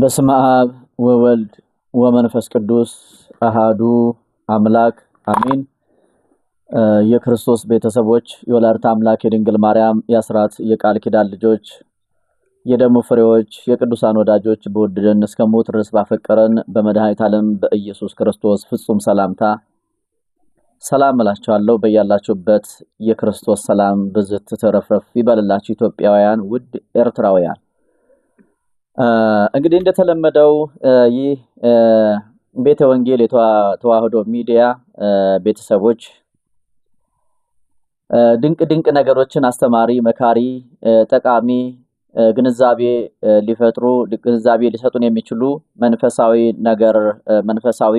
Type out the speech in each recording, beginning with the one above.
በስመ አብ ወወልድ ወመንፈስ ቅዱስ አሃዱ አምላክ አሚን። የክርስቶስ ቤተሰቦች፣ የወላዲተ አምላክ የድንግል ማርያም የአስራት የቃል ኪዳን ልጆች፣ የደሙ ፍሬዎች፣ የቅዱሳን ወዳጆች በወደደን እስከ ሞት ድረስ ባፈቀረን በመድኃኒተ ዓለም በኢየሱስ ክርስቶስ ፍጹም ሰላምታ ሰላም እላችኋለሁ። በያላችሁበት የክርስቶስ ሰላም ብዝት ትረፍረፍ ይበልላችሁ። ኢትዮጵያውያን፣ ውድ ኤርትራውያን እንግዲህ እንደተለመደው ይህ ቤተ ወንጌል የተዋህዶ ሚዲያ ቤተሰቦች ድንቅ ድንቅ ነገሮችን አስተማሪ፣ መካሪ፣ ጠቃሚ ግንዛቤ ሊፈጥሩ ግንዛቤ ሊሰጡን የሚችሉ መንፈሳዊ ነገር መንፈሳዊ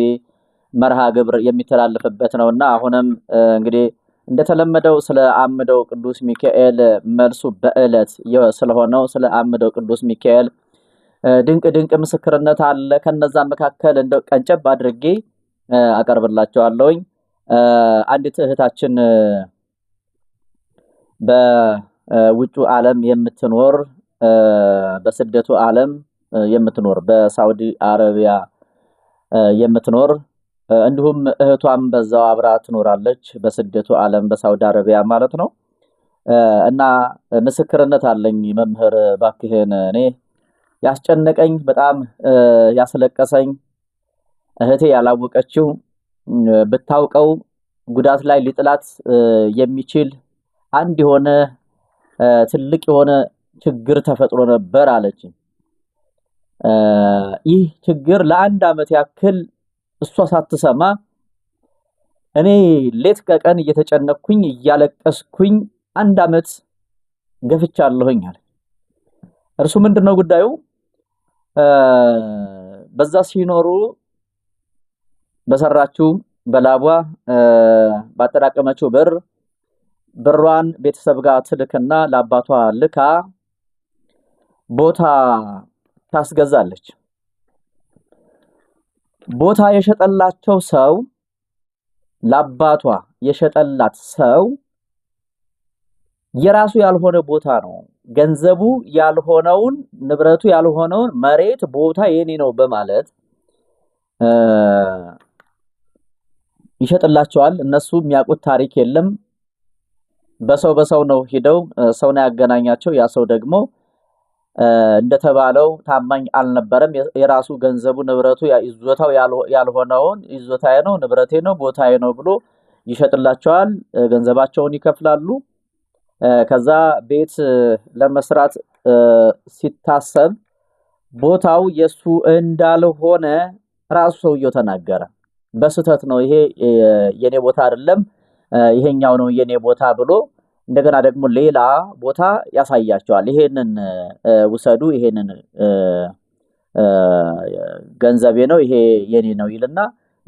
መርሃ ግብር የሚተላለፍበት ነው እና አሁንም እንግዲህ እንደተለመደው ስለ አምደው ቅዱስ ሚካኤል መልሱ በዕለት ስለሆነው ስለ አምደው ቅዱስ ሚካኤል ድንቅ ድንቅ ምስክርነት አለ። ከነዛም መካከል እንደ ቀንጨብ አድርጌ አቀርብላቸዋለሁኝ። አንዲት እህታችን በውጩ ዓለም የምትኖር በስደቱ ዓለም የምትኖር በሳውዲ አረቢያ የምትኖር እንዲሁም እህቷም በዛው አብራ ትኖራለች በስደቱ ዓለም በሳውዲ አረቢያ ማለት ነው። እና ምስክርነት አለኝ መምህር ባክህን እኔ ያስጨነቀኝ በጣም ያስለቀሰኝ እህቴ ያላወቀችው ብታውቀው ጉዳት ላይ ሊጥላት የሚችል አንድ የሆነ ትልቅ የሆነ ችግር ተፈጥሮ ነበር አለች። ይህ ችግር ለአንድ ዓመት ያክል እሷ ሳትሰማ እኔ ሌት ከቀን እየተጨነኩኝ እያለቀስኩኝ አንድ ዓመት ገፍቻለሁኝ አለ። እርሱ ምንድነው ጉዳዩ? በዛ ሲኖሩ በሰራችው በላቧ ባጠራቀመችው ብር ብሯን ቤተሰብ ጋር ትልክና ለአባቷ ልካ ቦታ ታስገዛለች። ቦታ የሸጠላቸው ሰው ለአባቷ የሸጠላት ሰው የራሱ ያልሆነ ቦታ ነው ገንዘቡ ያልሆነውን ንብረቱ ያልሆነውን መሬት ቦታ የኔ ነው በማለት ይሸጥላቸዋል። እነሱ የሚያውቁት ታሪክ የለም። በሰው በሰው ነው ሂደው ነው ያገናኛቸው። ያ ሰው ደግሞ እንደተባለው ታማኝ አልነበረም። የራሱ ገንዘቡ ንብረቱ ይዞታው ያልሆነውን ይዞታዬ ነው ንብረቴ ነው ቦታዬ ነው ብሎ ይሸጥላቸዋል። ገንዘባቸውን ይከፍላሉ። ከዛ ቤት ለመስራት ሲታሰብ ቦታው የሱ እንዳልሆነ ራሱ ሰውየው ተናገረ። በስህተት ነው፣ ይሄ የኔ ቦታ አይደለም፣ ይሄኛው ነው የኔ ቦታ ብሎ እንደገና ደግሞ ሌላ ቦታ ያሳያቸዋል። ይሄንን ውሰዱ፣ ይሄንን ገንዘቤ ነው፣ ይሄ የኔ ነው ይልና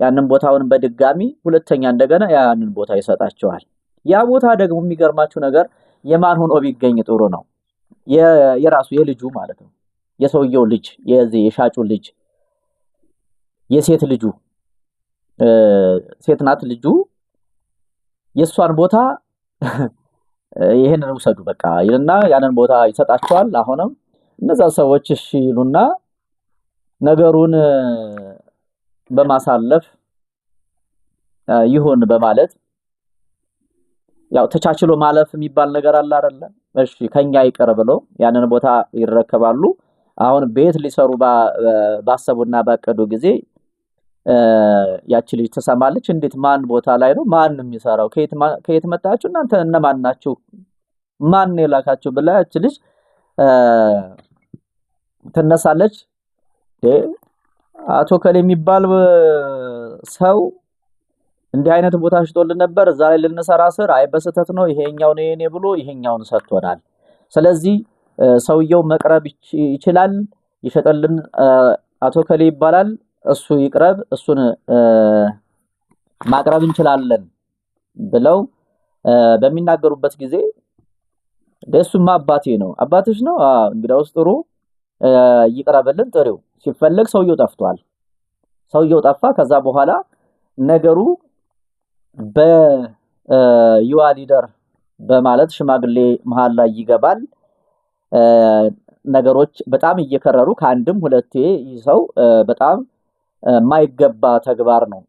ያንን ቦታውን በድጋሚ ሁለተኛ እንደገና ያንን ቦታ ይሰጣቸዋል። ያ ቦታ ደግሞ የሚገርማችሁ ነገር የማን ሆኖ ቢገኝ ጥሩ ነው? የራሱ የልጁ ማለት ነው። የሰውየው ልጅ የዚህ የሻጩ ልጅ የሴት ልጁ ሴት ናት ልጁ የእሷን ቦታ ይሄንን ውሰዱ በቃ ይልና ያንን ቦታ ይሰጣቸዋል። አሁንም እነዛ ሰዎች እሺ ይሉና ነገሩን በማሳለፍ ይሁን በማለት ያው ተቻችሎ ማለፍ የሚባል ነገር አለ አይደለ? እሺ ከኛ ይቅር ብሎ ያንን ቦታ ይረከባሉ። አሁን ቤት ሊሰሩ ባሰቡና ባቀዱ ጊዜ ያቺ ልጅ ትሰማለች። እንዴት ማን ቦታ ላይ ነው ማን የሚሰራው? ከየት መጣችሁ እናንተ እነማን ናችሁ? ማን የላካችሁ? ብላ ያቺ ልጅ ትነሳለች። አቶ ከሌ የሚባል ሰው እንዲህ አይነት ቦታ ሽጦልን ነበር። እዛ ላይ ልንሰራ ስር አይ በስተት ነው ይሄኛው ነው የኔ ብሎ ይሄኛውን ሰጥቶናል። ስለዚህ ሰውየው መቅረብ ይችላል። ይሸጠልን አቶ ከሌ ይባላል። እሱ ይቅረብ፣ እሱን ማቅረብ እንችላለን ብለው በሚናገሩበት ጊዜ ደሱማ አባቴ ነው አባትሽ ነው እንግዳውስ ጥሩ ይቅረብልን፣ ጥሪው ሲፈለግ ሰውየው ጠፍቷል። ሰውየው ጠፋ። ከዛ በኋላ ነገሩ በዩዋ ሊደር በማለት ሽማግሌ መሀል ላይ ይገባል። ነገሮች በጣም እየከረሩ ከአንድም ሁለቴ ይህ ሰው በጣም የማይገባ ተግባር ነው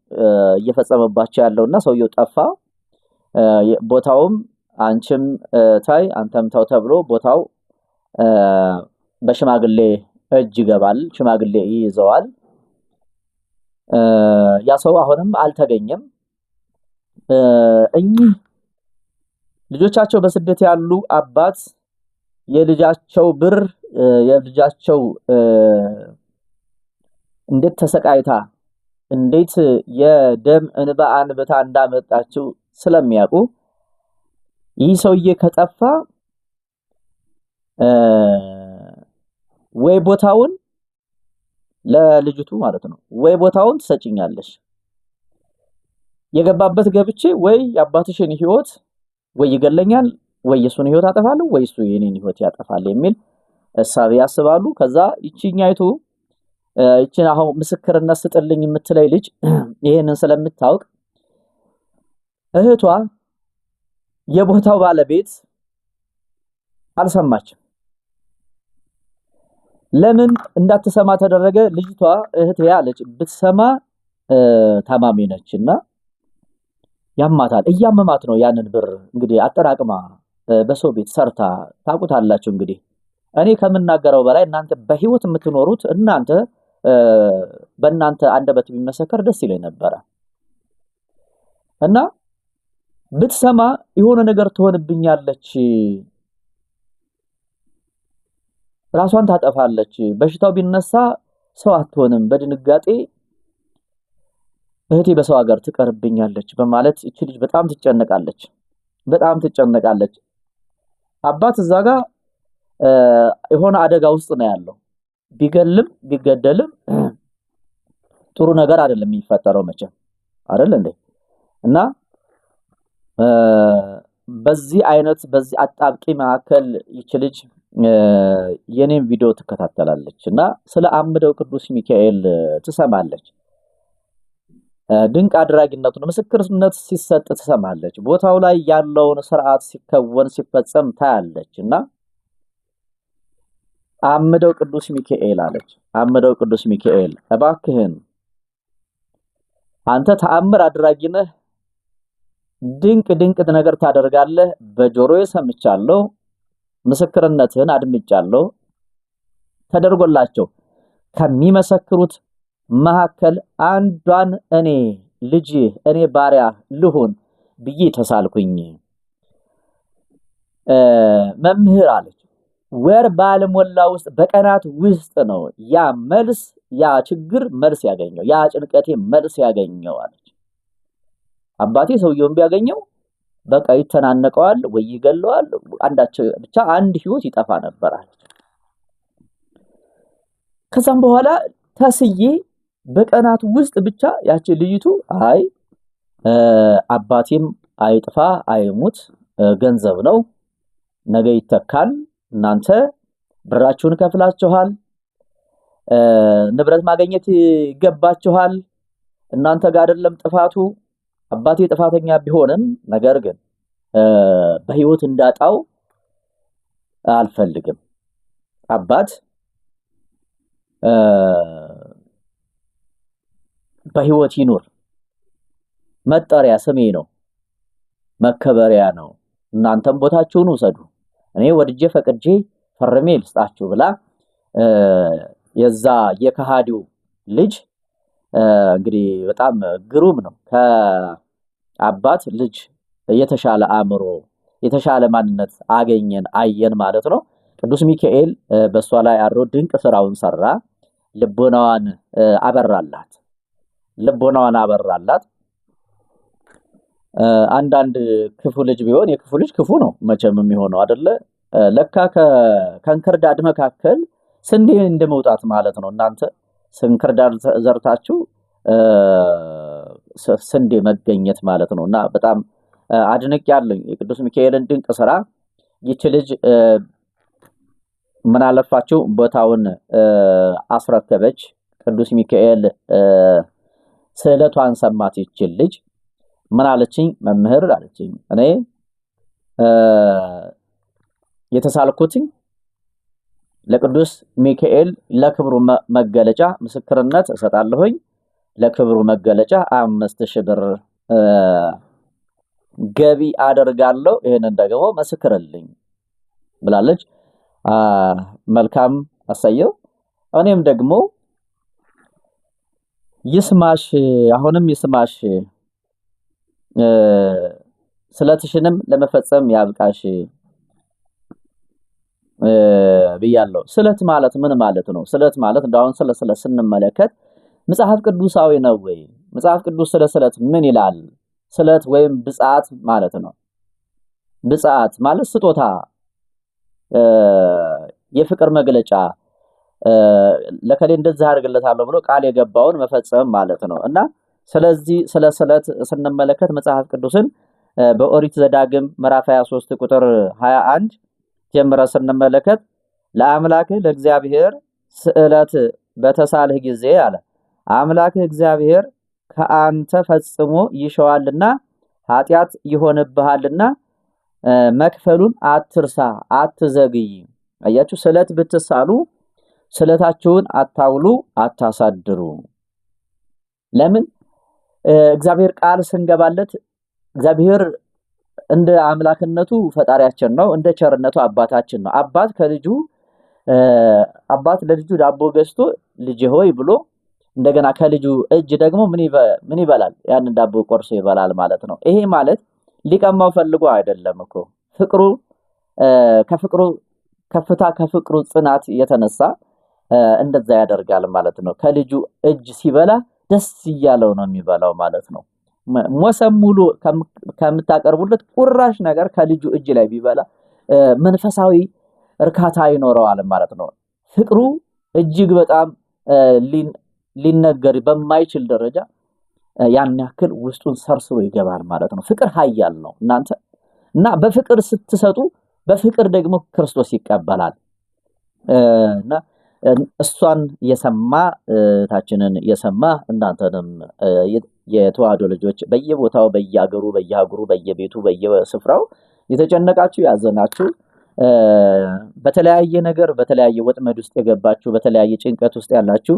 እየፈጸመባቸው ያለው እና ሰውየው ጠፋ። ቦታውም አንቺም ታይ አንተም ተው ተብሎ ቦታው በሽማግሌ እጅ ይገባል። ሽማግሌ ይይዘዋል። ያ ሰው አሁንም አልተገኘም። እኚህ ልጆቻቸው በስደት ያሉ አባት የልጃቸው ብር የልጃቸው እንዴት ተሰቃይታ እንዴት የደም እንባ አንብታ እንዳመጣችው ስለሚያውቁ ይህ ሰውዬ ከጠፋ ወይ ቦታውን ለልጅቱ ማለት ነው ወይ ቦታውን ትሰጭኛለሽ የገባበት ገብቼ ወይ የአባትሽን ህይወት ወይ ይገለኛል ወይ የሱን ህይወት አጠፋለሁ ወይ እሱ የኔን ህይወት ያጠፋል የሚል እሳቤ ያስባሉ። ከዛ ይቺኛይቱ ይችን አሁን ምስክርነት ስጥልኝ የምትለይ ልጅ ይህንን ስለምታውቅ እህቷ የቦታው ባለቤት አልሰማችም። ለምን እንዳትሰማ ተደረገ? ልጅቷ እህት ያለች ብትሰማ ታማሚ ነች እና ያማታል። እያመማት ነው። ያንን ብር እንግዲህ አጠራቅማ በሰው ቤት ሰርታ ታውቁታላችሁ። እንግዲህ እኔ ከምናገረው በላይ እናንተ በህይወት የምትኖሩት እናንተ በእናንተ አንደበት ቢመሰከር ደስ ይለኝ ነበረ እና ብትሰማ የሆነ ነገር ትሆንብኛለች፣ ራሷን ታጠፋለች፣ በሽታው ቢነሳ ሰው አትሆንም፣ በድንጋጤ እህቴ በሰው ሀገር ትቀርብኛለች በማለት እቺ ልጅ በጣም ትጨነቃለች፣ በጣም ትጨነቃለች። አባት እዛ ጋ የሆነ አደጋ ውስጥ ነው ያለው። ቢገልም ቢገደልም ጥሩ ነገር አይደለም የሚፈጠረው መቼም አይደል እንዴ? እና በዚህ አይነት በዚህ አጣብቂ መካከል ይች ልጅ የኔም ቪዲዮ ትከታተላለች እና ስለ አምደው ቅዱስ ሚካኤል ትሰማለች። ድንቅ አድራጊነቱን ምስክርነት ሲሰጥ ትሰማለች። ቦታው ላይ ያለውን ስርዓት ሲከወን ሲፈጸም ታያለች እና አምደው ቅዱስ ሚካኤል አለች። አምደው ቅዱስ ሚካኤል እባክህን አንተ ተአምር አድራጊ ነህ፣ ድንቅ ድንቅ ነገር ታደርጋለህ። በጆሮዬ ሰምቻለሁ፣ ምስክርነትህን አድምጫለሁ። ተደርጎላቸው ከሚመሰክሩት መካከል አንዷን እኔ ልጅ እኔ ባሪያ ልሁን ብዬ ተሳልኩኝ። መምህር አለች። ወር ባልሞላ ውስጥ በቀናት ውስጥ ነው ያ መልስ ያ ችግር መልስ ያገኘው ያ ጭንቀቴ መልስ ያገኘው አለች። አባቴ ሰውየውን ቢያገኘው በቃ ይተናነቀዋል ወይ ይገለዋል፣ አንዳቸው ብቻ አንድ ህይወት ይጠፋ ነበር አለች። ከዛም በኋላ ተስዬ በቀናት ውስጥ ብቻ ያችን ልጅቱ አይ አባቴም አይጥፋ አይሙት ገንዘብ ነው፣ ነገ ይተካል። እናንተ ብራችሁን ከፍላችኋል፣ ንብረት ማግኘት ይገባችኋል። እናንተ ጋር አይደለም ጥፋቱ። አባቴ ጥፋተኛ ቢሆንም ነገር ግን በህይወት እንዳጣው አልፈልግም አባት በህይወት ይኑር። መጠሪያ ስሜ ነው፣ መከበሪያ ነው። እናንተም ቦታችሁን ውሰዱ፣ እኔ ወድጄ ፈቅጄ ፈርሜ ልስጣችሁ ብላ የዛ የከሃዲው ልጅ እንግዲህ በጣም ግሩም ነው። ከአባት ልጅ የተሻለ አእምሮ፣ የተሻለ ማንነት አገኘን አየን ማለት ነው። ቅዱስ ሚካኤል በእሷ ላይ አድሮ ድንቅ ስራውን ሰራ፣ ልቦናዋን አበራላት። ልቦናዋን አበራላት። አንዳንድ ክፉ ልጅ ቢሆን የክፉ ልጅ ክፉ ነው መቼም የሚሆነው አደለ። ለካ ከእንክርዳድ መካከል ስንዴ እንደመውጣት ማለት ነው። እናንተ ስንክርዳድ ዘርታችሁ ስንዴ መገኘት ማለት ነው። እና በጣም አድንቅ ያለኝ የቅዱስ ሚካኤልን ድንቅ ስራ። ይቺ ልጅ ምናለፋችሁ ቦታውን አስረከበች ቅዱስ ሚካኤል ስዕለቷን ሰማት ይችል ልጅ ምን አለችኝ? መምህር አለችኝ፣ እኔ የተሳልኩትኝ ለቅዱስ ሚካኤል ለክብሩ መገለጫ ምስክርነት እሰጣለሁኝ። ለክብሩ መገለጫ አምስት ሺህ ብር ገቢ አደርጋለሁ። ይህንን ደግሞ መስክርልኝ ብላለች። መልካም አሳየው። እኔም ደግሞ ይስማሽ አሁንም ይስማሽ ስለትሽንም ለመፈጸም ያብቃሽ ብያለሁ። ስለት ማለት ምን ማለት ነው? ስለት ማለት እንዳሁን ስለ ስለት ስንመለከት መጽሐፍ ቅዱሳዊ ነው ወይ? መጽሐፍ ቅዱስ ስለ ስለት ምን ይላል? ስለት ወይም ብጻት ማለት ነው። ብጻት ማለት ስጦታ፣ የፍቅር መግለጫ ለከሌ እንደዚህ አድርግለታለሁ ብሎ ቃል የገባውን መፈጸም ማለት ነው እና ስለዚህ ስለ ስለት ስንመለከት መጽሐፍ ቅዱስን በኦሪት ዘዳግም ምዕራፍ 23 ቁጥር 21 ጀምረ ስንመለከት ለአምላክህ ለእግዚአብሔር ስዕለት በተሳልህ ጊዜ አለ አምላክህ እግዚአብሔር ከአንተ ፈጽሞ ይሸዋልና ኃጢአት ይሆንብሃልና መክፈሉን አትርሳ፣ አትዘግይ። አያችሁ ስዕለት ብትሳሉ ስለታችሁን አታውሉ አታሳድሩ። ለምን እግዚአብሔር ቃል ስንገባለት እግዚአብሔር እንደ አምላክነቱ ፈጣሪያችን ነው፣ እንደ ቸርነቱ አባታችን ነው። አባት ከልጁ አባት ለልጁ ዳቦ ገዝቶ ልጅ ሆይ ብሎ እንደገና ከልጁ እጅ ደግሞ ምን ይበላል? ያንን ዳቦ ቆርሶ ይበላል ማለት ነው። ይሄ ማለት ሊቀማው ፈልጎ አይደለም እኮ ፍቅሩ ከፍቅሩ ከፍታ ከፍቅሩ ጽናት የተነሳ እንደዛ ያደርጋል ማለት ነው። ከልጁ እጅ ሲበላ ደስ እያለው ነው የሚበላው ማለት ነው። ሞሰብ ሙሉ ከምታቀርቡለት ቁራሽ ነገር ከልጁ እጅ ላይ ቢበላ መንፈሳዊ እርካታ ይኖረዋል ማለት ነው። ፍቅሩ እጅግ በጣም ሊነገር በማይችል ደረጃ ያን ያክል ውስጡን ሰርስሮ ይገባል ማለት ነው። ፍቅር ኃያል ነው እናንተ እና በፍቅር ስትሰጡ፣ በፍቅር ደግሞ ክርስቶስ ይቀበላል እና እሷን የሰማ እህታችንን የሰማ እናንተንም የተዋህዶ ልጆች በየቦታው በየአገሩ በየሀገሩ በየቤቱ በየስፍራው የተጨነቃችሁ ያዘናችሁ በተለያየ ነገር በተለያየ ወጥመድ ውስጥ የገባችሁ በተለያየ ጭንቀት ውስጥ ያላችሁ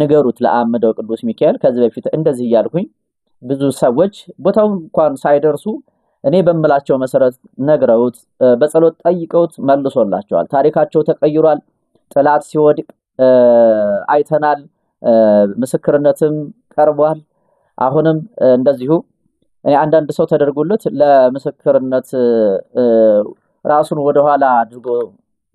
ንገሩት ለአምደው ቅዱስ ሚካኤል። ከዚህ በፊት እንደዚህ እያልኩኝ ብዙ ሰዎች ቦታው እንኳን ሳይደርሱ እኔ በምላቸው መሰረት ነግረውት በጸሎት ጠይቀውት መልሶላቸዋል። ታሪካቸው ተቀይሯል። ጥላት ሲወድቅ አይተናል። ምስክርነትም ቀርቧል። አሁንም እንደዚሁ እኔ አንዳንድ ሰው ተደርጎለት ለምስክርነት ራሱን ወደኋላ አድርጎ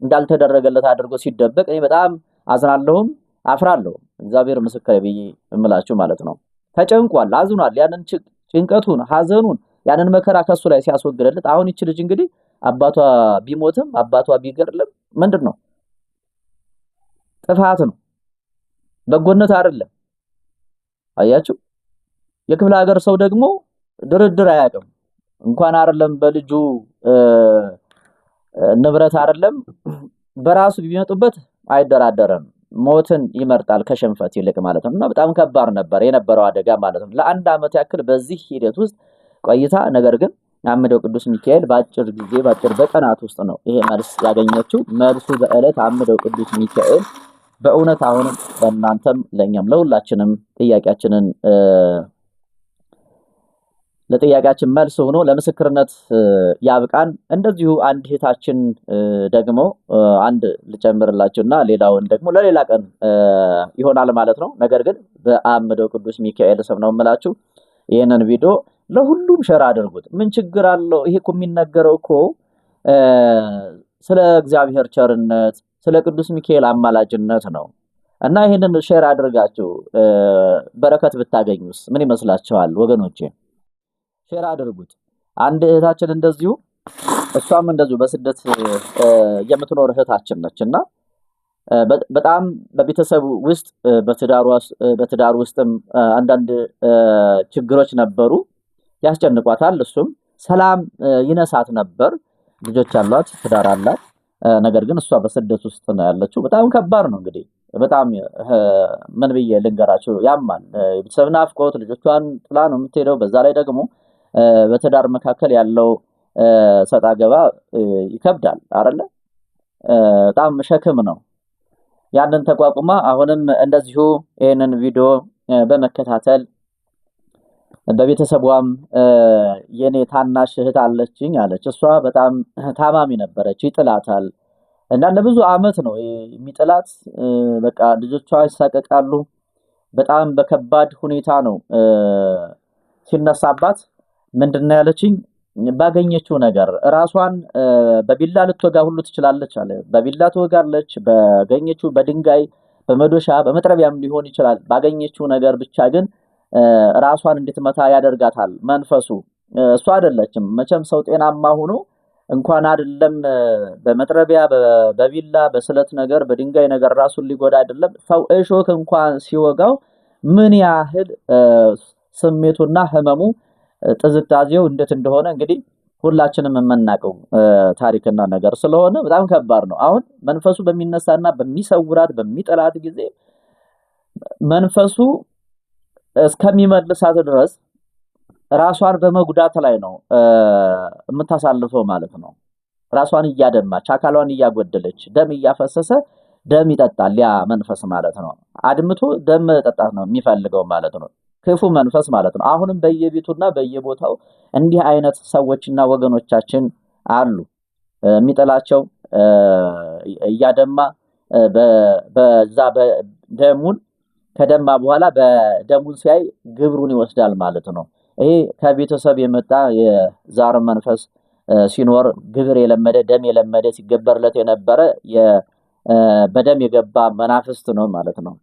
እንዳልተደረገለት አድርጎ ሲደበቅ እኔ በጣም አዝናለሁም አፍራለሁ እግዚአብሔር ምስክር ብዬ እምላችሁ ማለት ነው። ተጨንቋል፣ አዝኗል። ያንን ጭንቀቱን ሀዘኑን፣ ያንን መከራ ከሱ ላይ ሲያስወግደለት አሁን ይች ልጅ እንግዲህ አባቷ ቢሞትም አባቷ ቢገርልም ምንድን ነው ጥፋት ነው፣ በጎነት አይደለም። አያችሁ፣ የክፍለ ሀገር ሰው ደግሞ ድርድር አያውቅም። እንኳን አይደለም በልጁ ንብረት አይደለም በራሱ ቢመጡበት አይደራደርም። ሞትን ይመርጣል ከሽንፈት ይልቅ ማለት ነው። እና በጣም ከባድ ነበር የነበረው አደጋ ማለት ነው። ለአንድ ዓመት ያክል በዚህ ሂደት ውስጥ ቆይታ ነገር ግን አምደው ቅዱስ ሚካኤል በአጭር ጊዜ በአጭር በቀናት ውስጥ ነው ይሄ መልስ ያገኘችው። መልሱ በዕለት አምደው ቅዱስ ሚካኤል በእውነት አሁን ለእናንተም ለእኛም ለሁላችንም ጥያቄያችንን ለጥያቄያችን መልስ ሆኖ ለምስክርነት ያብቃን። እንደዚሁ አንድ እህታችን ደግሞ አንድ ልጨምርላችሁና ሌላውን ደግሞ ለሌላ ቀን ይሆናል ማለት ነው። ነገር ግን በአምደው ቅዱስ ሚካኤል ስም ነው የምላችሁ ይህንን ቪዲዮ ለሁሉም ሸር አድርጉት። ምን ችግር አለው? ይሄ እኮ የሚነገረው እኮ ስለ እግዚአብሔር ቸርነት ስለ ቅዱስ ሚካኤል አማላጅነት ነው እና ይህንን ሼር አድርጋችሁ በረከት ብታገኙስ ምን ይመስላችኋል ወገኖቼ? ሼር አድርጉት። አንድ እህታችን እንደዚሁ እሷም እንደዚሁ በስደት የምትኖር እህታችን ነች እና በጣም በቤተሰብ ውስጥ በትዳር ውስጥም አንዳንድ ችግሮች ነበሩ፣ ያስጨንቋታል። እሱም ሰላም ይነሳት ነበር። ልጆች አሏት፣ ትዳር አላት። ነገር ግን እሷ በስደት ውስጥ ነው ያለችው። በጣም ከባድ ነው እንግዲህ በጣም ምን ብዬ ልንገራቸው፣ ያማል። የቤተሰብ ናፍቆት፣ ልጆቿን ጥላ ነው የምትሄደው። በዛ ላይ ደግሞ በትዳር መካከል ያለው ሰጣ ገባ ይከብዳል አይደለ? በጣም ሸክም ነው። ያንን ተቋቁማ አሁንም እንደዚሁ ይህንን ቪዲዮ በመከታተል በቤተሰቧም የኔ ታናሽ እህት አለችኝ አለች። እሷ በጣም ታማሚ ነበረች፣ ይጥላታል እና ለብዙ አመት ነው የሚጥላት። በቃ ልጆቿ ይሳቀቃሉ። በጣም በከባድ ሁኔታ ነው ሲነሳባት። ምንድን ነው ያለችኝ? ባገኘችው ነገር ራሷን በቢላ ልትወጋ ሁሉ ትችላለች አለ። በቢላ ትወጋለች፣ በገኘችው በድንጋይ በመዶሻ በመጥረቢያም ሊሆን ይችላል። ባገኘችው ነገር ብቻ ግን ራሷን እንድትመታ ያደርጋታል መንፈሱ። እሷ አይደለችም መቼም ሰው ጤናማ ሆኖ እንኳን አይደለም በመጥረቢያ በቢላ በስለት ነገር በድንጋይ ነገር ራሱን ሊጎዳ አይደለም ሰው እሾክ እንኳን ሲወጋው ምን ያህል ስሜቱና ህመሙ ጥዝጣዜው እንዴት እንደሆነ እንግዲህ ሁላችንም የምናውቀው ታሪክና ነገር ስለሆነ በጣም ከባድ ነው። አሁን መንፈሱ በሚነሳና በሚሰውራት በሚጠላት ጊዜ መንፈሱ እስከሚመልሳት ድረስ ራሷን በመጉዳት ላይ ነው የምታሳልፈው ማለት ነው። ራሷን እያደማች አካሏን እያጎደለች ደም እያፈሰሰ ደም ይጠጣል። ያ መንፈስ ማለት ነው። አድምቶ ደም ጠጣት ነው የሚፈልገው ማለት ነው። ክፉ መንፈስ ማለት ነው። አሁንም በየቤቱና በየቦታው እንዲህ አይነት ሰዎችና ወገኖቻችን አሉ። የሚጠላቸው እያደማ በዛ ደሙን ከደማ በኋላ በደሙን ሲያይ ግብሩን ይወስዳል ማለት ነው። ይሄ ከቤተሰብ የመጣ የዛር መንፈስ ሲኖር ግብር የለመደ ደም የለመደ ሲገበርለት የነበረ በደም የገባ መናፍስት ነው ማለት ነው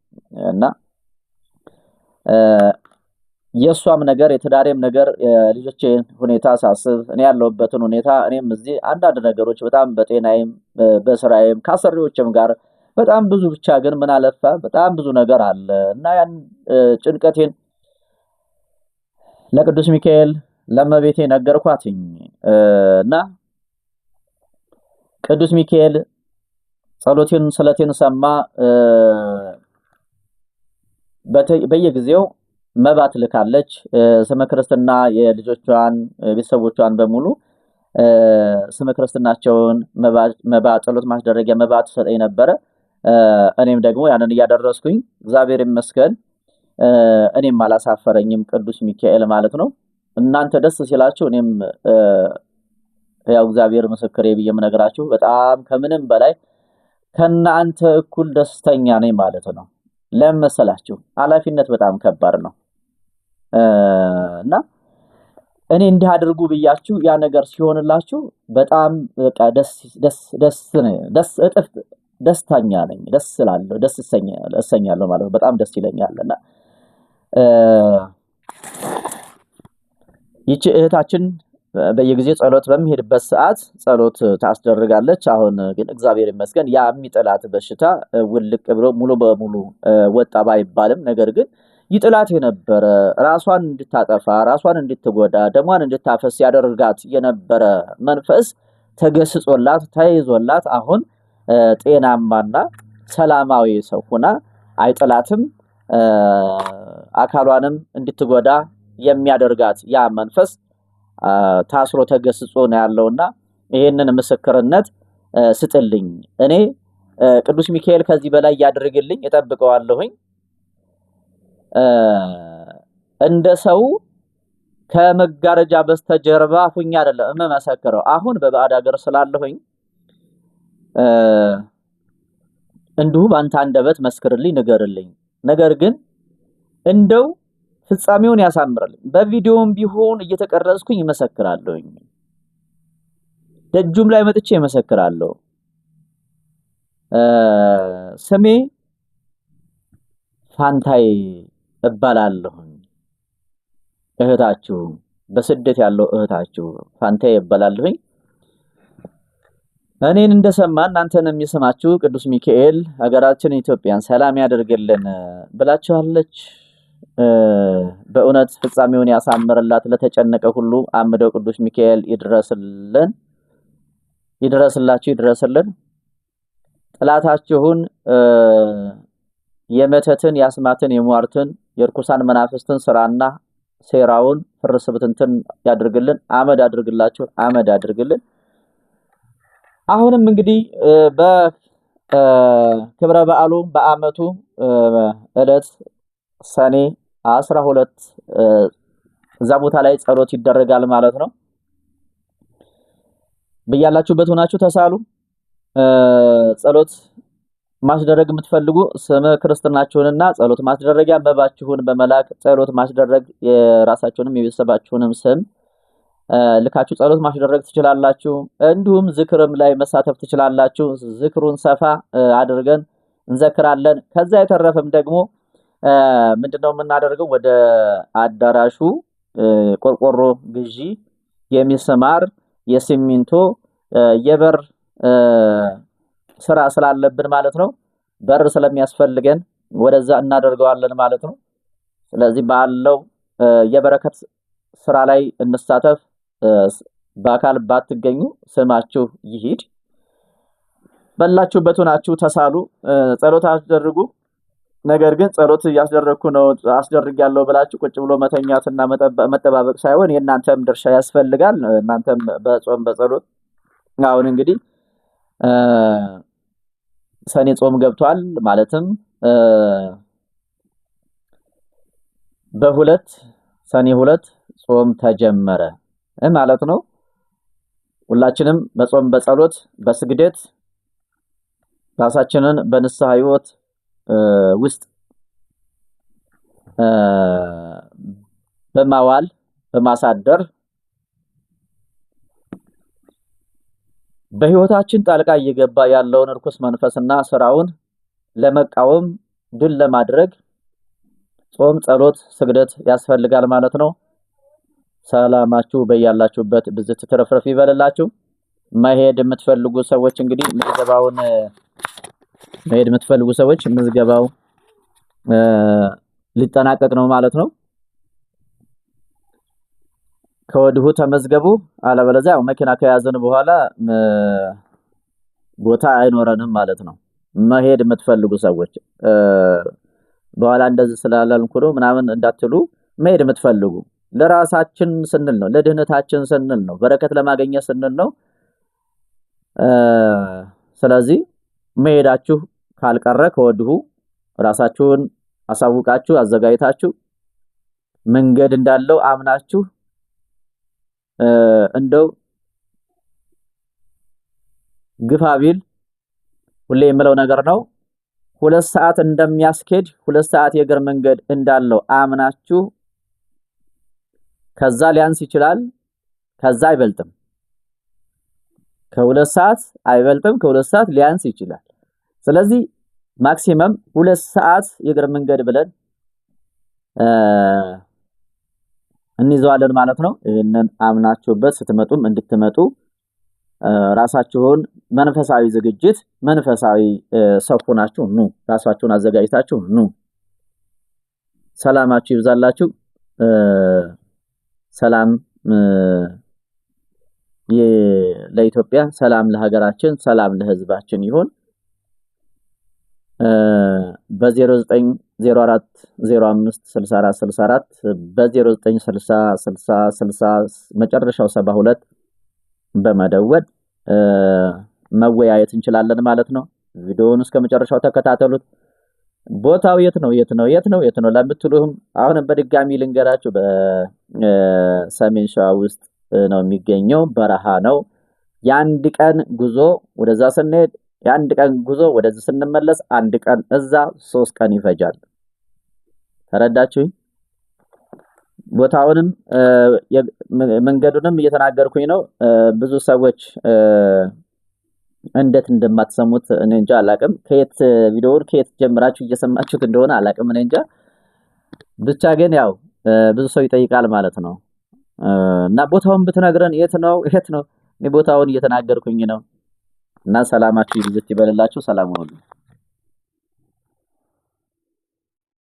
እና የእሷም ነገር የትዳሬም ነገር የልጆቼን ሁኔታ ሳስብ እኔ ያለሁበትን ሁኔታ እኔም እዚህ አንዳንድ ነገሮች በጣም በጤናዬም በስራዬም ከአሰሪዎችም ጋር በጣም ብዙ ብቻ ግን ምን አለፋ በጣም ብዙ ነገር አለ እና ያን ጭንቀቴን ለቅዱስ ሚካኤል ለመቤቴ ነገርኳትኝ እና ቅዱስ ሚካኤል ጸሎቴን ስለቴን ሰማ። በየጊዜው መባ ትልካለች። ስመ ክርስትና የልጆቿን ቤተሰቦቿን በሙሉ ስመ ክርስትናቸውን መባ ጸሎት ማስደረጊያ መባ ትሰጠኝ ነበረ። እኔም ደግሞ ያንን እያደረስኩኝ እግዚአብሔር ይመስገን እኔም አላሳፈረኝም ቅዱስ ሚካኤል ማለት ነው። እናንተ ደስ ሲላችሁ እኔም ያው እግዚአብሔር ምስክሬ ብዬ የምነግራችሁ በጣም ከምንም በላይ ከእናንተ እኩል ደስተኛ ነኝ ማለት ነው። ለምን መሰላችሁ? ኃላፊነት በጣም ከባድ ነው እና እኔ እንዲህ አድርጉ ብያችሁ ያ ነገር ሲሆንላችሁ በጣም በቃ ደስ ደስ ደስ እጥፍ ደስታኛ ነኝ፣ ደስ እላለሁ፣ ደስ እሰኛለሁ ማለት ነው። በጣም ደስ ይለኛል እና ይቺ እህታችን በየጊዜ ጸሎት በሚሄድበት ሰዓት ጸሎት ታስደርጋለች። አሁን ግን እግዚአብሔር ይመስገን ያ የሚጥላት በሽታ ውልቅ ብሎ ሙሉ በሙሉ ወጣ ባይባልም ነገር ግን ይጥላት የነበረ ራሷን እንድታጠፋ ራሷን እንድትጎዳ ደሟን እንድታፈስ ያደርጋት የነበረ መንፈስ ተገስጾላት ተይዞላት አሁን ጤናማና ሰላማዊ ሰው ሁና አይጥላትም፣ አካሏንም እንድትጎዳ የሚያደርጋት ያ መንፈስ ታስሮ ተገስጾ ነው ያለውና ይህንን ምስክርነት ስጥልኝ። እኔ ቅዱስ ሚካኤል ከዚህ በላይ እያደርግልኝ እጠብቀዋለሁኝ። እንደ ሰው ከመጋረጃ በስተጀርባ ሁኛ አይደለም እመመሰክረው። አሁን በባዕድ ሀገር ስላለሁኝ እንዲሁ በአንተ አንደበት መስክርልኝ፣ ንገርልኝ። ነገር ግን እንደው ፍጻሜውን ያሳምርልኝ። በቪዲዮም ቢሆን እየተቀረጽኩኝ እመሰክራለሁኝ፣ ደጁም ላይ መጥቼ እመሰክራለሁ። ስሜ ፋንታይ እባላለሁኝ። እህታችሁ በስደት ያለው እህታችሁ ፋንታይ እባላለሁኝ። እኔን እንደሰማ እናንተንም የሚሰማችሁ ቅዱስ ሚካኤል ሀገራችን ኢትዮጵያን ሰላም ያደርግልን ብላችኋለች። በእውነት ፍጻሜውን ያሳምርላት። ለተጨነቀ ሁሉ አምደው ቅዱስ ሚካኤል ይድረስልን፣ ይድረስላችሁ፣ ይድረስልን። ጥላታችሁን የመተትን የአስማትን የሟርትን የርኩሳን መናፍስትን ስራና ሴራውን ፍርስብትንትን ያድርግልን። አመድ አድርግላችሁ፣ አመድ አድርግልን። አሁንም እንግዲህ በክብረ በዓሉ በዓመቱ ዕለት ሰኔ አስራ ሁለት እዛ ቦታ ላይ ጸሎት ይደረጋል ማለት ነው። በያላችሁበት ሆናችሁ ተሳሉ። ጸሎት ማስደረግ የምትፈልጉ ስም ክርስትናችሁንና ጸሎት ማስደረጊያ መባችሁን በመላክ ጸሎት ማስደረግ የራሳችሁንም የቤተሰባችሁንም ስም ልካችሁ ጸሎት ማስደረግ ትችላላችሁ። እንዲሁም ዝክርም ላይ መሳተፍ ትችላላችሁ። ዝክሩን ሰፋ አድርገን እንዘክራለን። ከዛ የተረፈም ደግሞ ምንድነው የምናደርገው? ወደ አዳራሹ ቆርቆሮ ግዢ፣ የሚስማር የሲሚንቶ የበር ስራ ስላለብን ማለት ነው። በር ስለሚያስፈልገን ወደዛ እናደርገዋለን ማለት ነው። ስለዚህ ባለው የበረከት ስራ ላይ እንሳተፍ። በአካል ባትገኙ ስማችሁ ይሂድ። በላችሁበት ሆናችሁ ተሳሉ፣ ጸሎት አስደርጉ። ነገር ግን ጸሎት እያስደረግኩ ነው አስደርግ ያለው ብላችሁ ቁጭ ብሎ መተኛትና መጠባበቅ ሳይሆን የእናንተም ድርሻ ያስፈልጋል። እናንተም በጾም በጸሎት አሁን እንግዲህ ሰኔ ጾም ገብቷል። ማለትም በሁለት ሰኔ ሁለት ጾም ተጀመረ። ማለት ነው። ሁላችንም በጾም በጸሎት በስግደት ራሳችንን በንስሐ ህይወት ውስጥ በማዋል በማሳደር በህይወታችን ጣልቃ እየገባ ያለውን እርኩስ መንፈስና ስራውን ለመቃወም ድል ለማድረግ ጾም፣ ጸሎት፣ ስግደት ያስፈልጋል ማለት ነው። ሰላማችሁ በያላችሁበት ብዝ ትረፍረፍ ይበልላችሁ። መሄድ የምትፈልጉ ሰዎች እንግዲህ ምዝገባውን መሄድ የምትፈልጉ ሰዎች ምዝገባው ሊጠናቀቅ ነው ማለት ነው። ከወዲሁ ተመዝገቡ። አለበለዚያ ያው መኪና ከያዘን በኋላ ቦታ አይኖረንም ማለት ነው። መሄድ የምትፈልጉ ሰዎች በኋላ እንደዚህ ስላላልኩ ነው ምናምን እንዳትሉ መሄድ የምትፈልጉ ለራሳችን ስንል ነው፣ ለድህነታችን ስንል ነው፣ በረከት ለማገኘት ስንል ነው። ስለዚህ መሄዳችሁ ካልቀረ ከወዲሁ ራሳችሁን አሳውቃችሁ አዘጋጅታችሁ መንገድ እንዳለው አምናችሁ እንደው ግፋ ቢል ሁሌ የምለው ነገር ነው። ሁለት ሰዓት እንደሚያስኬድ ሁለት ሰዓት የእግር መንገድ እንዳለው አምናችሁ ከዛ ሊያንስ ይችላል። ከዛ አይበልጥም። ከሁለት ሰዓት አይበልጥም። ከሁለት ሰዓት ሊያንስ ይችላል። ስለዚህ ማክሲመም ሁለት ሰዓት የእግር መንገድ ብለን እንይዘዋለን ማለት ነው። ይህንን አምናችሁበት ስትመጡም እንድትመጡ ራሳችሁን መንፈሳዊ ዝግጅት መንፈሳዊ ሰው ሆናችሁ ኑ። ራሳችሁን አዘጋጅታችሁ ኑ። ሰላማችሁ ይብዛላችሁ። ሰላም ለኢትዮጵያ፣ ሰላም ለሀገራችን፣ ሰላም ለህዝባችን ይሁን። በ0904056464 በ09606060 መጨረሻው 72 በመደወል መወያየት እንችላለን ማለት ነው። ቪዲዮውን እስከ መጨረሻው ተከታተሉት። ቦታው የት ነው የት ነው የት ነው የት ነው ለምትሉህም አሁንም በድጋሚ ልንገራችሁ። በሰሜን ሸዋ ውስጥ ነው የሚገኘው፣ በረሃ ነው። የአንድ ቀን ጉዞ ወደዛ ስንሄድ፣ የአንድ ቀን ጉዞ ወደዚህ ስንመለስ፣ አንድ ቀን እዛ፣ ሶስት ቀን ይፈጃል። ተረዳችሁኝ? ቦታውንም መንገዱንም እየተናገርኩኝ ነው ብዙ ሰዎች እንዴት እንደማትሰሙት እኔ እንጃ አላቅም። ከየት ቪዲዮውን ከየት ጀምራችሁ እየሰማችሁት እንደሆነ አላቅም እኔ እንጃ። ብቻ ግን ያው ብዙ ሰው ይጠይቃል ማለት ነው እና ቦታውን ብትነግረን የት ነው የት ነው? እኔ ቦታውን እየተናገርኩኝ ነው እና ሰላማችሁ ይብዛት ይበልላችሁ። ሰላም ሁኑ።